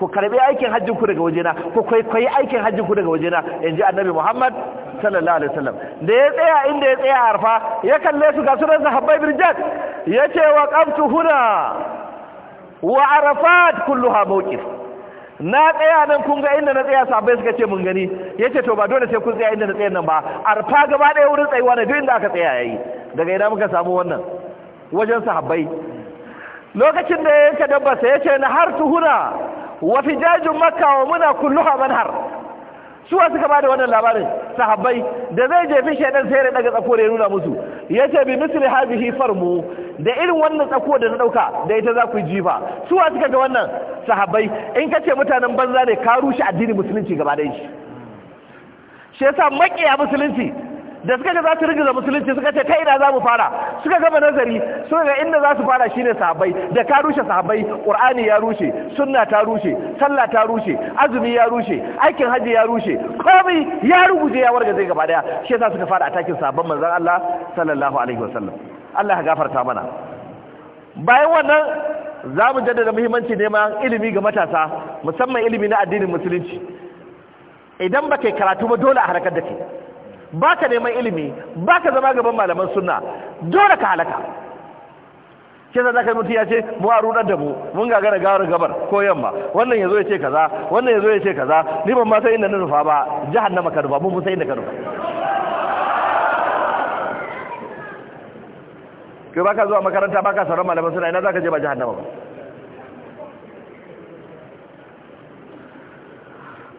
ku karbi aikin hajjin ku daga wajena ku kwaikwayi aikin hajjin ku daga wajena inji annabi Muhammad sallallahu alaihi wasallam da ya tsaya inda ya tsaya arfa ya kalle su ga sunan sahabbai birjat yace wa qamtu huna wa arafat kulluha mawqif na tsaya nan kun ga inda na tsaya sahabbai suka ce mun gani yace to ba dole sai kun tsaya inda na tsaya nan ba arfa gaba ɗaya wurin tsayuwa ne duk inda aka tsaya yayi daga ina muka samu wannan wajen sahabbai lokacin da ya yanka dabba sai yace na har tuhura wa fijajun makka wa muna kulluha manhar suwa suka da wannan labarin sahabbai da zai jefi shaidan sai ya daga tsako ya nuna musu ya ce bi misli hadhihi farmu da irin wannan tsako da na dauka da ita za ku yi jifa suwa suka ga wannan sahabbai in ka ce mutanen banza ne ka rushe addinin musulunci gaba da shi shi yasa makiya musulunci da suka ga za su rigiza musulunci suka ce ta ina za mu fara suka gama nazari suka ga inda za su fara shine sahabai da ka rushe sahabai ƙur'ani ya rushe sunna ta rushe sallah ta rushe azumi ya rushe aikin hajji ya rushe komai ya rubuce ya warga zai gaba daya shi yasa suka fara atakin sahabban manzon Allah sallallahu alaihi wasallam Allah ya gafarta mana bayan wannan za mu jaddada muhimmanci neman ilimi ga matasa musamman ilimi na addinin musulunci idan ba kai karatu ba dole a harkar da ke ba ka neman ilimi ba ka zama gaban malaman suna dole ka halaka ke za ka mutu ya ce mu a rudar da mu mun gagara gawar gabar ko yamma wannan ya zo ya ce kaza wannan ya zo ya ce kaza ni ban ma san inda na rufa ba jihar ka makarufa mun musa san inda ka ke ba ka zuwa makaranta ba ka sauran malaman suna ina ka je ba jihar na ba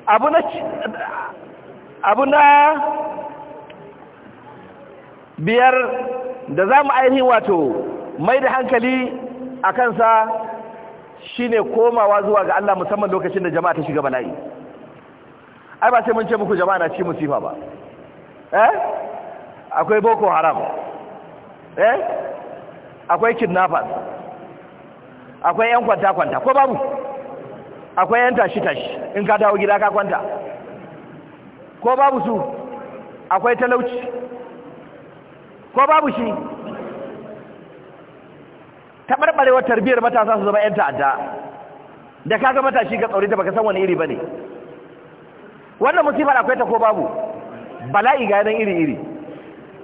abu na abu na biyar da za mu ainihin wato mai da hankali a kansa shi ne komawa zuwa ga Allah musamman lokacin da jama'a ta shiga bala'i ai ba sai mun ce muku jama'a na ci musifa ba eh akwai boko haram eh akwai kidnappers akwai yan kwanta-kwanta ko babu akwai yan tashi-tashi in ka dawo gida ka kwanta ko babu su akwai talauci ko babu shi taɓarɓarewar tarbiyyar matasa su zama 'yan ta'adda da kaga matashi ga tsaurita baka san wani iri bane, wannan musibar akwai ta ko babu bala'i ga yanan iri-iri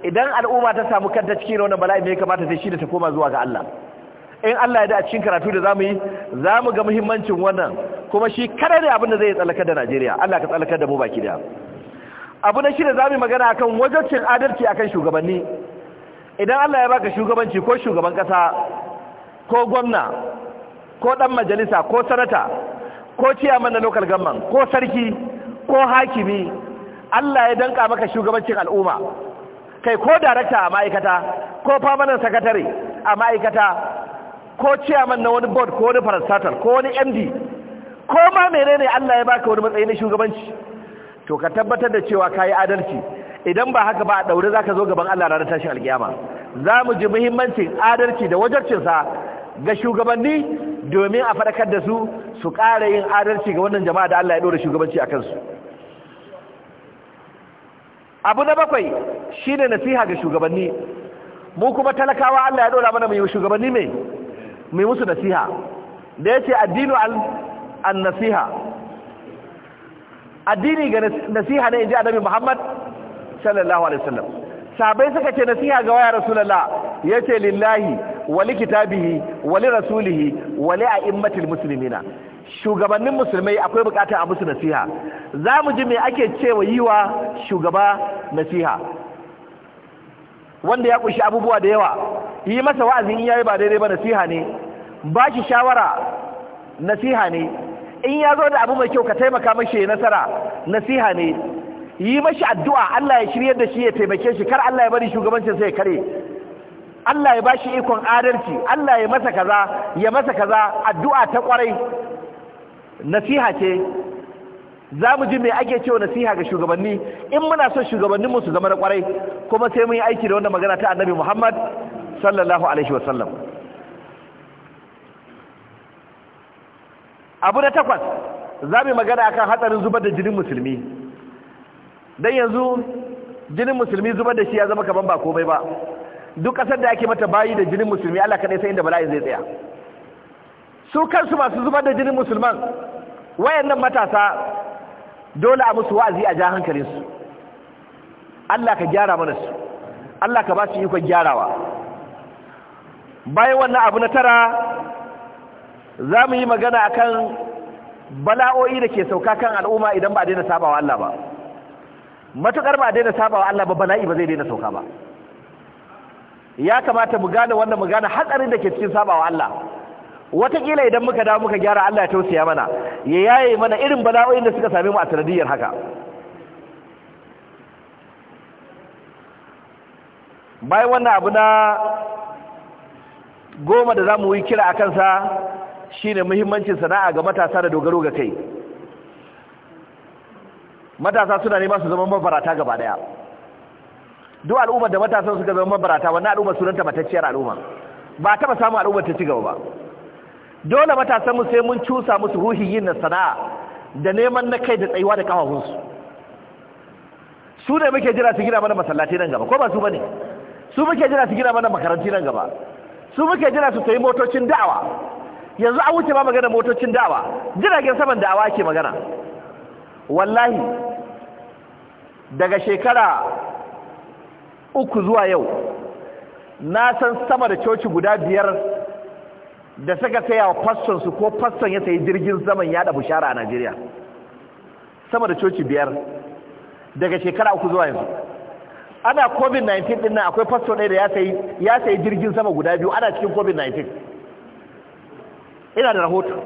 idan al'umma ta samu kanta cikin wannan bala'i mai kamata ta shi da ta koma zuwa ga Allah in Allah ya da a cikin karatu da zamu yi zamu ga muhimmancin wannan kuma shi kada ne abin da zai tsallaka da Najeriya Allah ka tsallaka da mu baki da abu na shi da zamu magana akan wajocin adalci akan shugabanni idan Allah ya baka shugabanci ko shugaban kasa ko gwamna ko ɗan majalisa ko sanata ko ciyaman na local government ko sarki ko hakimi Allah ya danka maka shugabancin al'umma kai ko darakta a ma'aikata ko permanent secretary a ma'aikata ko ciyaman na wani board ko wani parastatal ko wani MD ko ma ne Allah ya baka wani matsayi na shugabanci to ka tabbatar da cewa kayi adalci idan ba haka ba a daure ka zo gaban Allah ranar tashin alkiyama za mu ji muhimmancin adalci da wajarcinsa ga shugabanni domin a faɗakar da su su ƙara yin adalci ga wannan jama'a da Allah ya ɗora shugabanci a kansu abu na bakwai shi ne nasiha ga shugabanni mu kuma talakawa Allah ya ɗora mana mai shugabanni mai mai musu nasiha da ya ce addinu an nasiha addini ga nasiha ne in ji annabi muhammad sallallahu alaihi wasallam sabai suka ce nasiha ga waya rasulullah yace lillahi wali kitabihi wali rasulihi wali a'immatil muslimina shugabannin musulmai akwai bukata a musu nasiha za mu ji me ake cewa yiwa shugaba nasiha wanda ya kunshi abubuwa da yawa yi masa wa'azin yayi ba daidai ba nasiha ne ba shi shawara nasiha ne in ya zo da abu mai kyau ka taimaka mashi nasara nasiha ne yi mashi addu'a Allah ya shiryar da shi ya taimake shi kar Allah ya bari shugabancin sai ya kare Allah ya ba shi ikon adalci Allah ya masa kaza ya masa kaza addu'a ta kwarai nasiha ce za mu ji mai ake cewa nasiha ga shugabanni in muna son shugabannin musu su zama na kwarai kuma sai mun yi aiki da wanda magana ta Annabi Muhammad sallallahu alaihi wasallam abu na takwas za mu yi magana akan hatsarin zubar da jinin musulmi dan yanzu jinin musulmi zubar da shi ya zama kaman ba komai ba duk kasar da ake mata bayi da jinin musulmi Allah kadai sai inda bala'i zai tsaya su kansu masu zubar da jinin musulman wayannan matasa dole a musu wa'azi a ja su, Allah ka gyara mana su Allah ka ba su ikon gyarawa bayan wannan abu na tara za mu yi magana akan bala'o'i da ke sauka kan al'umma idan ba a daina sabawa Allah ba matuƙar ba daina sabawa Allah ba bala'i ba zai daina sauka ba ya kamata mu gane wannan mu gane hatsarin da ke cikin sabawa Allah Wataƙila idan muka dawo muka gyara Allah ya tausaya mana ya yaye mana irin bala'o'in da suka same mu a sanadiyar haka bayan wannan abu na goma da zamu yi kira akan sa shine muhimmancin sana'a ga matasa da dogaro ga kai matasa suna nema su zama mabarata gaba daya duk al'ummar da matasan suka zama mabarata wannan al'ummar sunanta matacciyar al'umma ba taba samun al'ummar ta ci gaba ba dole matasan mu sai mun cusa musu ruhi yin na sana'a da neman na kai da tsayuwa da kafafun su ne muke jira su gina mana masallaci nan gaba ko ba su bane su muke jira su gina mana makaranti nan gaba su muke jira su sayi motocin da'awa yanzu an wuce ma magana motocin da'awa jiragen saman da'awa ke magana wallahi daga shekara uku zuwa yau na san sama da coci guda biyar da suka saya wa fastonsu ko faston ya sayi jirgin zaman yada bushara a najeriya sama da coci biyar daga shekara uku zuwa yanzu ana covid-19 din na akwai fasson ɗaya da ya sayi jirgin sama guda biyu ana cikin covid-19 ina da rahoto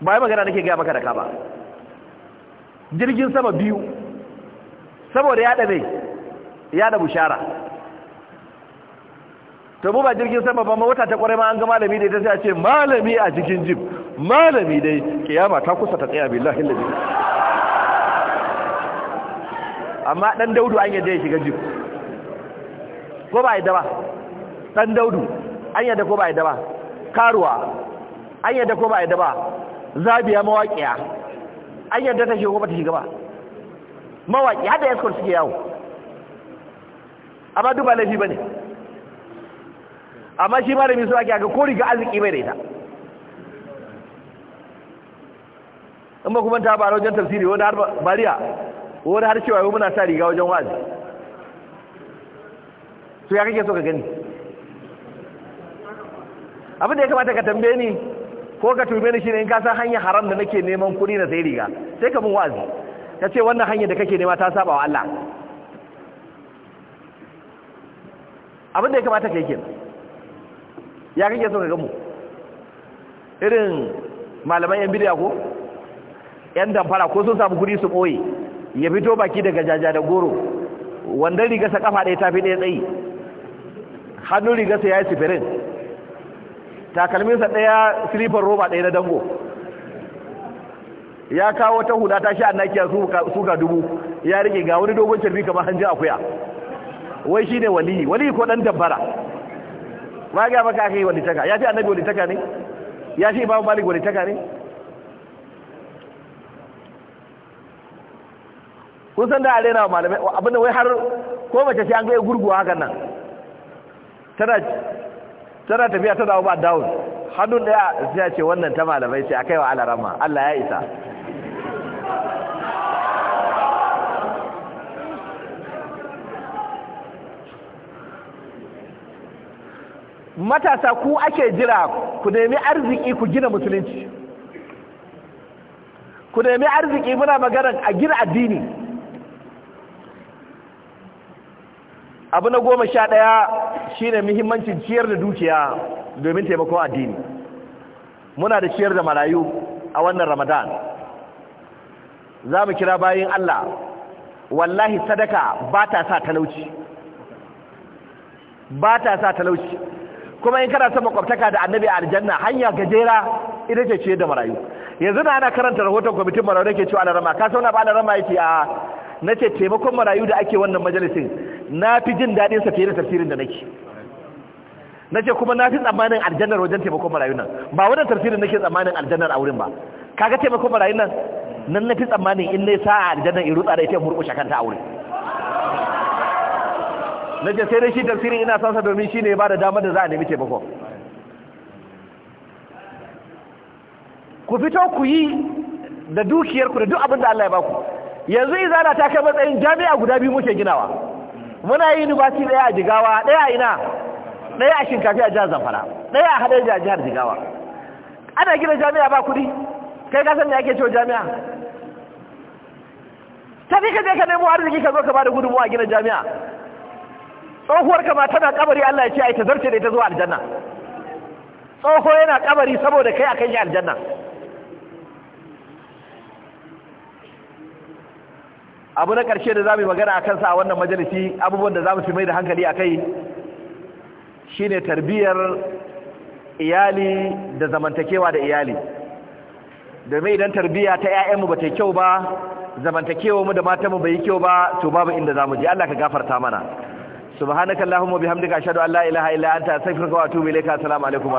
ba yi magana nake gaya maka da ka ba jirgin sama biyu saboda yada mai da bushara to mu ba jirgin sama ba ma wata ta ƙwarai ma an ga malami da ita sai a ce malami a cikin jib malami dai kiyama ta kusa ta tsaya billahi lillahi amma dan daudu an yadda ya shiga jib ko ba yadda ba dan daudu an yadda ko ba yadda ba karuwa an yadda ko ba yadda ba zabiya mawaƙiya an yarda ta shiga ko ba ta shiga ba mawaki hada ya suke yawo amma ba laifi bane. amma shi malami su ake aga ko riga arziki bai da ita in ba kuma ta baro wajen tafsiri wani har bariya wani har cewa muna sa riga wajen wazi su ya kake so ka gani abin da ya kamata ka tambaye ni ko ka turbe ni shine in ka san hanyar haram da nake neman kuɗi na sai riga sai ka mun wazi ka ce wannan hanyar da kake nema ta saba wa Allah abin da ya kamata ka yi kenan ya kake so ka gamu irin malaman yan bidiya ko yan damfara ko sun samu kuɗi su ɓoye ya fito baki daga jaja da goro wanda rigarsa kafa ɗaya ta fi ɗaya tsayi hannun rigarsa ya yi sifirin takalminsa ɗaya silifar roba ɗaya na dango ya kawo ta huda ta sha annakiya suka dubu ya rike ga wani dogon carbi kamar a akuya wai shine wali wali ko ɗan dabbara ba ga maka aka yi walitaka ya ce annabi walitaka ne ya ce imam malik walitaka ne kun san da a rena malamai abinda wai har ko mace shi an gaya gurguwa hakan nan tana tana tafiya ta dawo ba dawo hannun daya sai ya ce wannan ta malamai sai kai wa alarama Allah ya isa matasa ku ake jira ku nemi arziki ku gina musulunci ku nemi arziki muna magana a gina addini abu na goma sha ɗaya shi ne muhimmancin ciyar da dukiya domin taimakon addini muna da ciyar da marayu a wannan ramadan za mu kira bayan allah wallahi sadaka ba ta sa talauci ba ta sa talauci kuma in kana son makwabtaka da annabi a aljanna hanya gajera ita ce ciyar da marayu yanzu na ana karanta rahoton kwamitin marayu da ke cewa alarama ka sauna ba alarama yake a na ce taimakon marayu da ake wannan majalisin na fi jin daɗin sa fiye da tafsirin da nake na ce kuma na fi tsammanin aljannar wajen taimakon marayu nan ba wajen tafsirin nake tsammanin aljannar a wurin ba kaga taimakon marayu nan nan na fi tsammanin in nai sa'a aljannar in rutsa da ita murƙushe kanta a wurin na ce sai dai shi tafsirin ina sansa domin shi ne ba da damar da za a nemi taimakon ku fito ku yi da dukiyarku da duk abin da Allah ya baku yanzu izana ta kai matsayin jami'a guda biyu muke ginawa muna yi university daya a jigawa daya a ina daya a shinkafi a jihar zamfara daya a haɗe a jihar jigawa ana gina jami'a ba kuɗi kai ka san me ake cewa jami'a tafi ka je ka nemo arziki ka zo ka ba da gudunmu a gina jami'a tsohuwar ka ma tana kabari Allah ya ce ai ta zarce da ita zuwa aljanna tsoho yana kabari saboda kai akan yi aljanna abu na ƙarshe da za mu yi magana a kansa a wannan majalisi abubuwan da za mu fi mai da hankali a kai shi ne tarbiyyar iyali da zamantakewa da iyali domin idan tarbiyya ta 'ya'yanmu ba ta kyau ba zamantakewa mu da matanmu bai yi kyau ba to babu inda za mu je Allah ka gafarta mana subhanakallahumma bihamdika ashhadu an la ilaha illa anta astaghfiruka wa atubu ilayka assalamu alaikum